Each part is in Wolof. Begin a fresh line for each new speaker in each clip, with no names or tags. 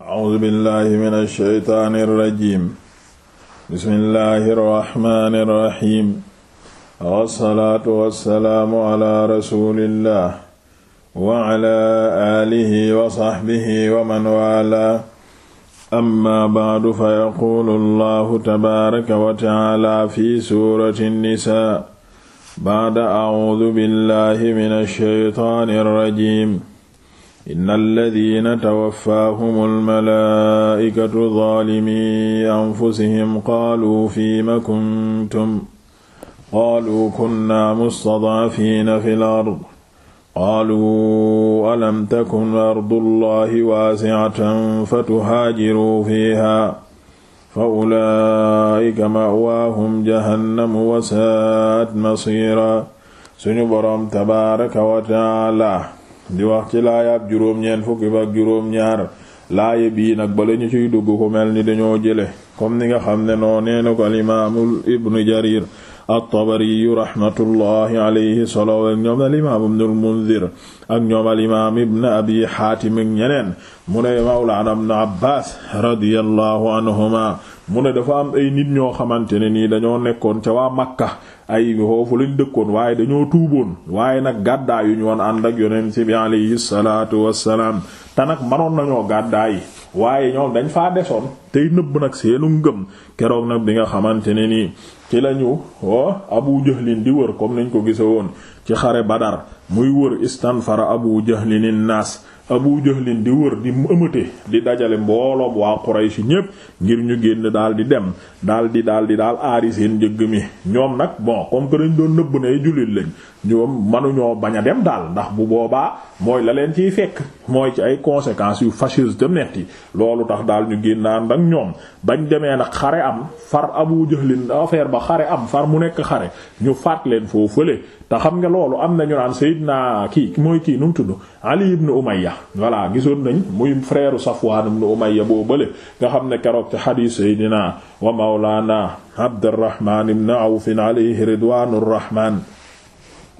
a'uuzu billahi min alsheytaani irrajim bismillahi irrahmani irrahim wassalaatu wassalaamu ala rasulillah wa ala alihi wa saxbihi wa man waalaa amma ba'du fa yaquulu allahu tabaaraka wa ta'aala fi suurati nnisaa ba'da a'uuzu billahi min alsheytaani irrajim inna alladina tawaffaahum almalaa'ikatu zaalimi anfusihim qaaluu fiima kuntum qaaluu kunnaa mustadcafiina fi l ard qaaluu alam takun ardu allahi waasicatan fatuhaajiruu fiihaa fa ulaa'ika ma'waahum jahannamu wasaa'at masiiraa suñu boroom tabaaraka wa tacaala di wax ci laayaab juróom-ñeent fukki ba ak juróom-ñaar laaye bii nag bala ñu ciy dugg ko mel ni dañoo jële comme ni nga xam ne noo nee na ko alimaamul ibnu jarir at-Tabari rahmatullahi alayhi solo ak ñoom ak ñoom alimaam ibn abi Haatim ak ñeneen mu ne mawlaana ibn Abbaas radiyallahu anhuma mu ne dafa am ay nit ñoo xamante ne
nii dañoo nekkoon ca waa Makka ay foofu lañ dëkkoon waaye dañoo tuuboon waaye nag gàddaay yu ñu woon ànd ak yonent bi alayhi salaatu wassalaam te manoon nañoo gàddaay waaye ñoom dañ faa desoon tey nëbb nag seenu ngëm keroog nag bi nga xamante ne nii ci lañu o oh, Abu Jahlin di wër comme nañ ko gise woon ci xare badar muy wër istanfara abu jahlinin naas abu jahlin di wër di ëmate di dajale mbooloom waa quraysh ñépp ngir ñu génn daal di dem daal di daal di daal aari seen njëgg mi ñoom nag bon comme que dañ doon nëbb ne jullit lañ ñoom mënuñoo bañ a dem daal ndax bu boobaa mooy la ciy fekk mooy ci ay conséquences yu fâcheuses te metti loolu tax daal ñu génnaan ak ñoom bañ demee nag xare am far abu jahlin affaire ba xare am far mu nekk xare ñu faat leen loolu am nañu kii mooy kii nu mu tudd Ali ibn Umayya gisoon nañ muy frère Safwan
ibn Umayya boo bële nga xam ne keroog ci xadiis Seydina wa mawlaana Abdurrahman ibn Awf alayhi ridwaanur rahmaan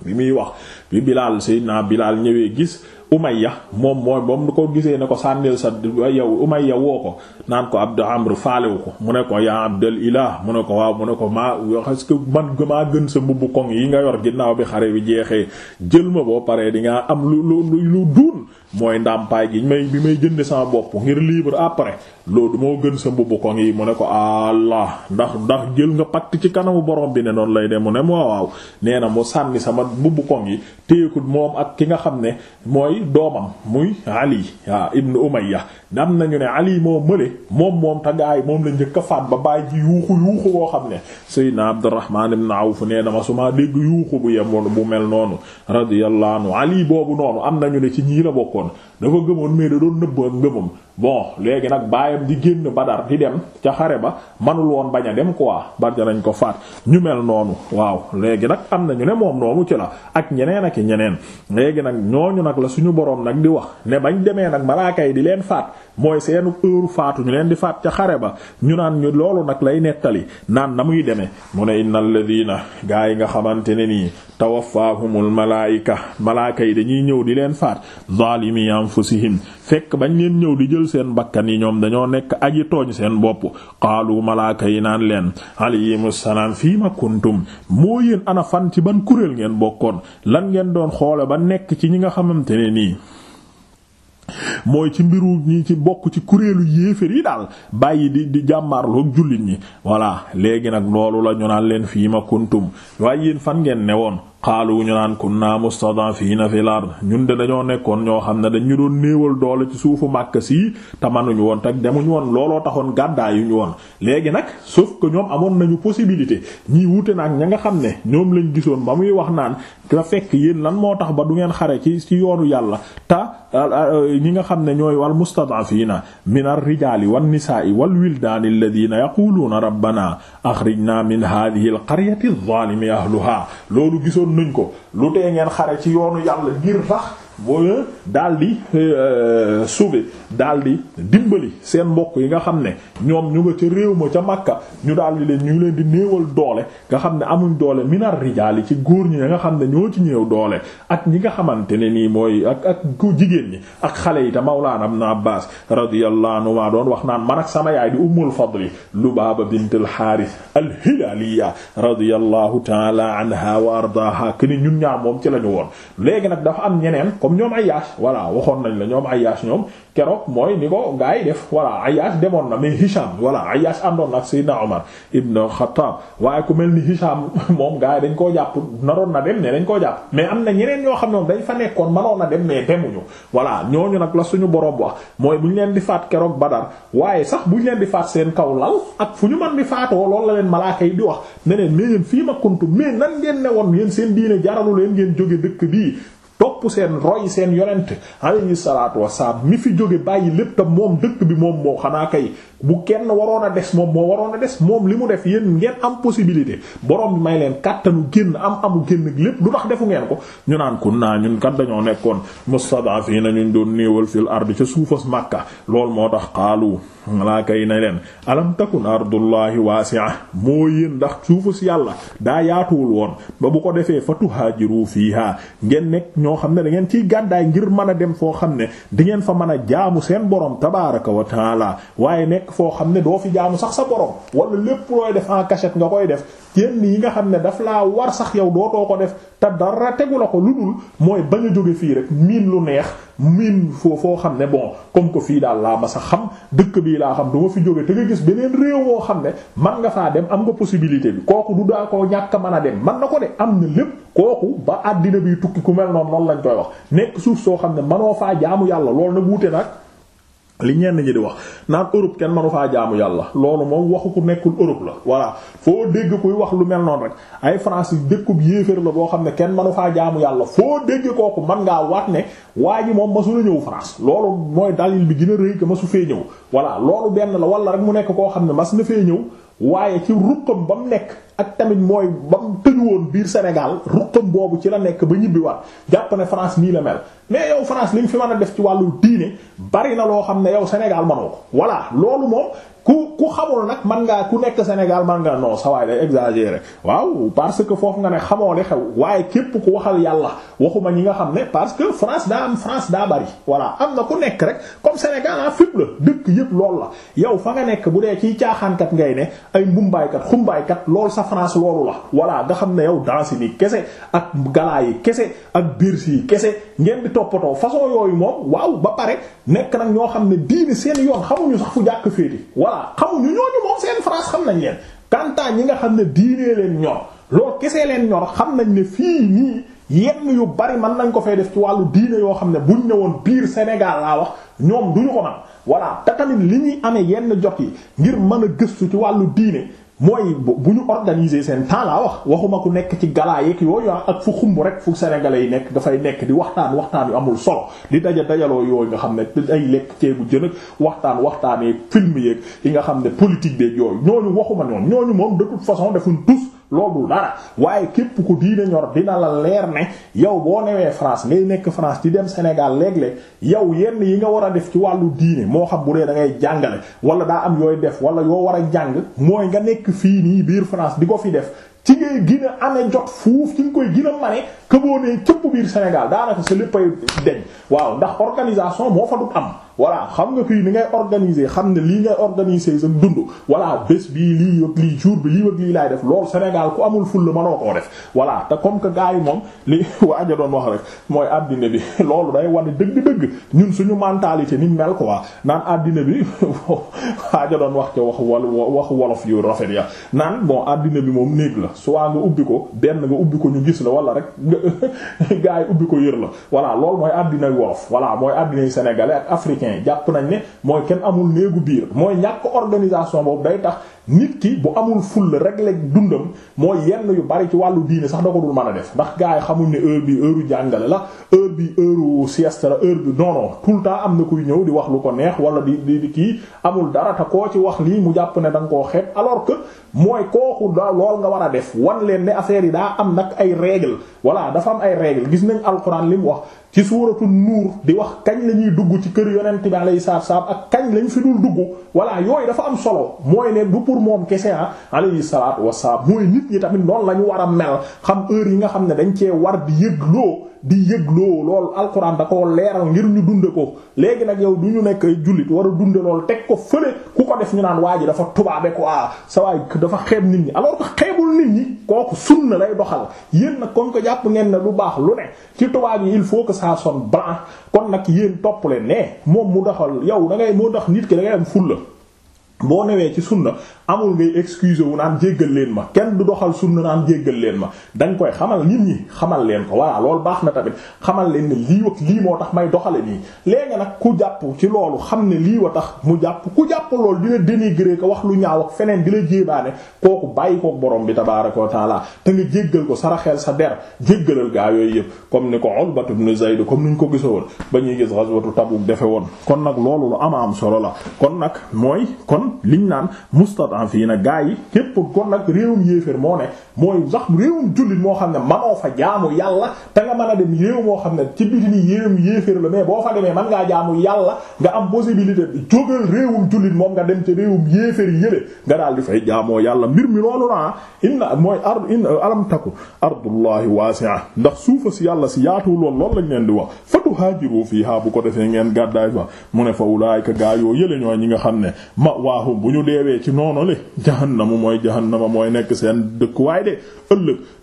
bi muy wax bi
Bilaal Seydina Bilaal ñëwee gis Umayya moom mooy moom ko gisee ne ko sànnil sa yow Umayya woo ko naan ko Abdu Amr faalewu ko mu ne ko yaa Abdul Ilah mu ne ko waaw mu ne ko maa est-ce que man maa gën sa mbubb koŋ yi nga yor ginnaaw bi xare bi jeexee jël ma boo paree di nga am lu lu lu duun mooy ndàmpaay gi may bi may jënd sama bopp ngir libre après loolu moo gën sa mbubb koŋ yi mu ne ko Allah ndax ndax jël nga pacte ci kanamu borom bi ne noonu lay dem mu ne moo waaw nee na mu sànni sama mbubb koŋ yi téye moom ak ki nga xam ne mooy mooy doomam muy Ali waaw ah, ibnu Umayya am nañu ne ali moo mële moom moom te gaay moom la njëkk a faat ba bàyyi ci yuuxu yuuxu boo xam ne sayyidina abdurrahman ibn awf nee na ma su ma dégg yuuxu bu yem bu mel noonu radiyallahu anhu ali boobu noonu am nañu ne ci ñii la bokkoon dafa gëmoon mais da doon nëbb ak ngëmam bon léegi nag baayam di génn badar di dem ca xare ba manul woon bañ a dem quoi bar nañ ko faat ñu mel noonu waaw léegi nag am nañu ne moom noonu ci la ak ñeneen ak ñeneen léegi nag ñooñu nag la suñu boroom nag di wax ne bañ demee nag malaaka yi di leen faat mooy seenu heure faatu leen di faat ca xare ba ñu naan ñu loolu nag lay nettali naan na muy demee mu ne innal ladina gaa yi nga xamante ne nii tawaffahumul malaayika malaaka yi dañuy ñëw di leen faat zalimi anfusihim fekk bañ leen ñëw di jël seen bakkan yi ñoom dañoo nekk yi tooñ seen bopp qaalu malaaka yi naan leen alayhimussalaam fii ma kuntum moo yéen ana fan ci ban kuréel ngeen bokkoon lan ngeen doon xoole ba nekk ci ñi nga xamante ne nii mooy ci mbiru ñi ci bokk ci kuréelu yéefér yi daal bàyyi di di jàmmarloog jullit ñi voilà léegi nag loolu la ñu naan leen fii ma kuntum waaye yéen fan ngeen newoon wu ñu naan kunna mustadafina fil ard ñun de dañoo nekkoon ñoo xam ne dañu doon néewal doole ci suufu màkk sii te manuñu woon te demuñu woon looloo taxoon gàddaayuñu woon léegi nag sauf que ñoom amoon nañu possibilité ñii wuute na ak ña nga xam ne ñoom lañ gisoon ba muy wax naan fekk yéen lan moo tax ba du ngeen xare ci ci yoonu yàlla ta ñi nga xam ne ñooy wal mustadafina minar rijali wan nisaa wal wildaani alladhina yaquluna rabbana axrijna min hadihi al qaryati zalimi ahluha loolu gisoon nuñ ko lu tee ngeen xare ci yoonu yàlla ngir tax boo daal di euh, sauver daal di dimbali seen mbokk yi nga xam ne ñoom ñu nga ca réew ma ca Makka ñu daal di leen ñu leen di néewal doole nga xam ne amuñ doole minar rijaali ci góor ñi nga xam ne ñoo ci ñëw doole ak ñi nga xamante ne nii mooy ak ak ku jigéen ñi ak xale yi te Mawlaana Ibn Abbaas radiyallahu anhu maa doon wax naan man ak sama yaay di Ummul Fadli Lubaaba bintul Haaris al-Hilaaliya radiyallahu ta'ala anha wa ardaaha ñun ñaar moom ci lañu woon léegi nag dafa am ñeneen comme ñoom Ayyash voilà waxoon nañ la ñoom Ayyash ñoom keroog mooy ni ko gaa yi def voilà Ayyash na mais Hisham voilà Ayyash àndoon na ak na dem ne dañ koo jàpp mais am na ñeneen ñoo xam ñoom dañ fa nekkoon manoon na dem mais demuñu voilà ñooñu nag la suñu borom wax mooy bu ñu leen di faat keroog Badar waaye sax bu ñu leen di faat seen kaw lal ak fu ñu man di faatoo loolu la leen malaaka yi di wax ne leen mais yéen fii ma kuntu mais nan ngeen ne woon yéen seen diine jaralu leen ngeen jóge dëkk bii topp seen roy seen yonent alayhi salaatu wasalaam mi fi jóge bàyyi lépp tam moom dëkk bi moom moo xanaa kay bu kenn waroon a des moom moo waroon a des moom li mu def yéen ngeen am possibilité borom bi may leen kàttanu génn am amu génn lépp lu tax defu ngeen ko ñu naan kun naa ñun kat dañoo nekkoon mustadafina ñu doon néewal fil ard ca suufas Makka loolu moo tax xaalu malaaka yi na leen alam takun ardullahi waasi'a moo yéen ndax suufas yàlla daa yaatuwul woon ba bu ko defee fa ne ngeen ciy gàndaay ngir mën a dem foo xam ne di ngeen fa mën a jaamu seen borom tabaaraka wa laa waaye nekk foo xam ne doo fi jaamu sax sa borom wala lépp looy def en cachette nga koy def yenn yi nga xam ne daf laa war sax yow dootoo ko def te dara tegu la ko lu dul mooy bañ a jóge fii rek miin lu neex miin foo foo xam ne bon comme que fii daal laa ma sa xam dëkk bii laa xam du ma fi jóge te nga gis beneen réew moo xam ne man nga faa dem am nga possibilité bi kooku du daa koo ñàkk man a dem man na ko de am na lépp kooku ba àddina bi tukki ku mel noonu noonu lañ koy wax nekk suuf soo xam ne manoo faa jaamu yàlla loolu nag wuute nag li ñenn ñi di wax naan Europe kenn manu faa jaamu yàlla loolu moom waxu ku nekkul Europe la voilà foo dégg kuy wax lu mel noonu rek ay France yi dëkkub la boo xam ne kenn manu faa jaamu yàlla foo dégg kooku man ngaa waat ne waa ji moom masu la ñëw France loolu mooy dalil bi gën a rëy que masu fee ñëw voilà loolu benn la wala rek mu nekk koo xam ne mas na fee ñëw waaye ci ruqam ba mu nekk ak tamit mooy ba mu woon biir Sénégal ruqam boobu ci la nekk ba ñibbi waat jàpp ne France nii la mel mais yow France li nga fi mën a def ci wàllu diine bari na loo xam ne yow Sénégal manoo ko voilà loolu moom ku ku nag man ngaa ku nekk Sénégal man nga non sa waay day exagéré waaw parce que foofu nga ne xamoo li xew waaye képp ku waxal yàlla waxuma ñi nga xam ne parce que France daa am France daa bari voilà am na ku nekk rek comme Sénégal ah fépp la dëkk yëpp loolu la yow fa nga nekk bu dee ci caaxaankat ngay ne ay mbumbaaykat xumbaaykat France loolu la voilà nga xam ne yow danse bi kese ak galaa yi kese ak Bercy yi kese ngeen di toppatoo façon yooyu moom waaw ba pare nekk nag ñoo xam ne diini seen yoon xamuñu sax fu jàkk féete voilà xamuñu ñooñu moom seen France xam nañ leen kantaa ñi nga xam ne diinee leen ñor loolu kesee leen ñor xam nañ ne fii nii yenn yu bari man nañ ko fay def ci wàllu diine yoo xam ne buñ ñëwoon biir Sénégal laa wax ñoom duñu ko man voilà te tamit li ñuy amee yenn jot yi ngir mën a gëstu ci wàllu diine mooy bu ñu organiser seen temps wax waxuma ku nekk ci galaa yeeg yooyu ah, ak fu xumb rek fu sénégalais yi nekk dafay nekk di waxtaan waxtaan yu amul solo di daja dajaloo yooyu nga xam ne ay lekk ceebu jën ak waxtaan waxtaanee film yeeg yi nga xam ne politique beeg yooyu ñooñu waxuma ñoom ñooñu moom de toute façon defuñ tous loolu dara waaye képp ku diine ñor dina la leer ne yow boo newee France ngay nekk France di dem Sénégal léeg-léeg yow yenn yi nga war a def ci wàllu diine moo xam bu dee da ngay jàngale wala daa am yooy def wala yoo war a jàng mooy nga nekk fii nii biir France di ko fi def ci ngay gën a jot fuuf ci nga koy gën a mane que boo nee biir Sénégal daanaka sa léppay deñ waaw ndax organisation moo fa du am. voilà xam nga fii ni ngay organiser xam ne lii ngay organiser sa dund voilà bés bii lii ak lii jour bi lii ak lii def loolu Sénégal ku amul fulla mënoo koo def voilà te comme que gars yi moom li waaja doon wax rek mooy àddina bi loolu day wane dëgg-dëgg ñun suñu mentalité ni mel quoi naan àddina bi waaja doon wax wax wal wax wolof yu rafet ya naan bon àddina bi moom néeg la soit nga ubbi ko benn nga ubbi ko ñu gis la wala rek gars ubbi ko yër la voilà loolu mooy àddinay wolof voilà mooy àddinay sénégalais ak africain chrétien jàpp nañ ne mooy kenn amul néegu biir mooy ñàkk organisation boobu day tax nit ki bu amul rek régler dundam mooy yenn yu bari ci wàllu diine sax da ko dul mën a def ndax gaa yi xamuñ ne heure bi heure jàngale la heure bi heure sieste la heure bi non non temps am na kuy ñëw di wax lu ko neex wala di di kii amul dara ta koo ci wax lii mu jàpp ne da koo xeeb alors que mooy kooku da lool nga war a def wan leen ne affaire yi daa am nag ay règle voilà dafa am ay règle gis nañ alxuraan li mu wax ci suuratu nuur di wax kañ la ñuy dugg ci kër yonent bi alayhi salaam ak kañ lañ fi dul dugg voilà yooyu dafa am solo pour moom kese ah alayhi salaatu wassalaam mooy nit ñi tamit noonu la ñu war a mel xam heure yi nga xam ne dañ cee war di yëgloo di yëg yëgloo lool alxuraan da ko leeral ngir ñu dunde ko léegi nag yow du ñu nekk ay jullit war a dunde loolu teg ko fële ku ko def ñu naan waa ji dafa tubaabe ko ah sa waay dafa xeeb nit ñi alors que xeebul nit ñi kooku sunna lay doxal yéen nag kon ko jàpp ngeen ne lu baax lu ne ci tubaab yi il faut que ça son blanc kon nag yéen topp leen ne moom mu doxal yow da ngay moo tax ki da ngay am boo newee ci sunna amul ngay excuse wu naan jéggal leen ma kenn du doxal sunna naan jéggal leen ma dañ koy xamal nit ñi xamal leen ko voilà loolu baax na tamit xamal leen ne lii wak lii moo tax may doxale nii léegi nag ku jàpp ci loolu xam ne lii wa tax mu jàpp ku jàpp loolu di la dénigrer ko wax lu ñaaw feneen di la jéebaane kooku bàyyi kook borom bi tabaaraka wa taala te nga jéggal ko saraxeel sa der jéggalal gaa yooyu yëpp comme ni ko Ulbatu ibn Zayd comme ni ñu ko gisoon ba ñuy gis ghazwatu Tabuk defe woon kon nag loolu lu ama am solo la kon nag mooy kon kon liñ naan na gaa yi képp kon nag réewum yéeféer moo ne mooy sax réewum jullit moo xam ne manoo fa jaamu yàlla te nga dem réew moo xam ne ci biti ni réewum la mais boo fa demee man ngaa jaamu yàlla am possibilité jógal réewum jullit moom nga dem ci réewum yéeféer yële nga daal di fay jaamoo yàlla mbir mi loolu naa inna mooy ard in alam taku ardullahi wasi'a ndax suufa si yàlla si yaatuwul woon loolu lañ leen di wax fatuhaajiru fiha bu ko defee ngeen gàddaay fa mu ne fa ulaayka gaa yoo ñooy ñi nga xam ma'waahu bu ñu deewee ci noonu le jahannamu mooy jahannama mooy nekk seen dëkkuwaay de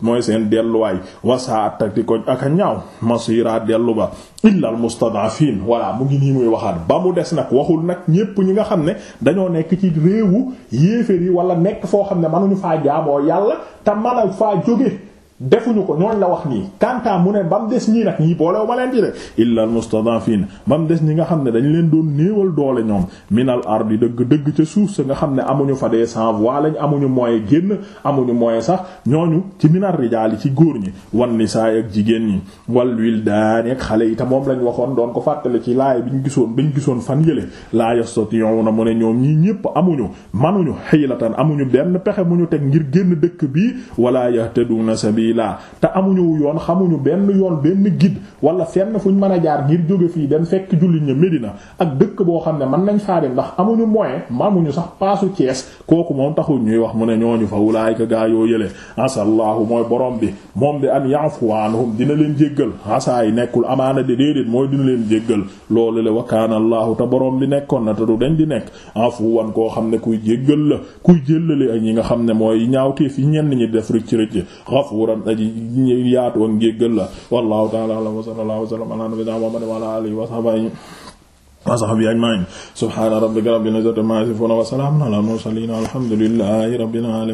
mooy seen delluwaay wasaat di ko ak a ñaaw masiira dellu ba illal mustad'afin voilà mu ngi nii muy waxaat ba mu des nag waxul nag ñépp ñi nga xam ne dañoo nekk ci réewu yéeféer yi wala nekk foo xam ne mënuñu faa jaamoo yàlla te mën faa jóge defuñu ko ñooñ la wax nii kanta mu ne ba mu des ñii nag ñii boolew ma leen ci de illal mustadafin ba mu des ñi nga xam ne dañu leen doon néewal doole ñoom minal ardi dëgg dëgg ca suuf sa nga xam ne amuñu fa des sans voix lañ amuñu moyen génn amuñu moyen sax ñooñu ci minar rijaali ci góor ñi wan nisaay ak jigéen ñi wal wildaani ak xale yi te moom lañ waxoon doon ko fàttale ci laay bi ñu gisoon bi gisoon fan yële laa yastati'una mu ne ñoom ñii ñépp amuñu manuñu hiilatan amuñu benn pexe mu ñu teg ngir génn dëkk bi wala yahtaduna sabil sabila te amuñu yoon xamuñu benn yoon benn guide wala fenn fuñ mën a jaar ngir jóge fii dem fekk jullit ña Medina ak dëkk boo xam ne mën nañ faa dem ndax amuñu moyen amuñu sax paasu Thiès kooku moom taxul ñuy wax mu ne ñooñu fa wulaayika gaa yoo yële asallaahu mooy borom bi moom bi an ya'fu anhum dina leen jéggal asaay nekkul amaana bi de déedéet mooy dina leen jéggal loolu le wa kaana Allahu te borom bi nekkoon na te du dañ di nekk afuwan koo xam ne kuy jéggal la kuy jëllale ak ñi nga xam ne mooy ñaawteef yi ñenn
ñi def rëcc rëcc ghafuran aji yaatu ak njéggal la wallahu ta'ala a'lam wa sallallahu wa sallam ala nabiyyina muhammad wa ala alihi wa sahbihi wa sahbihi ajma'in subhana rabbika rabbil izzati amma yasifun wa salamun ala al mursalin alhamdulillahi rabbil alamin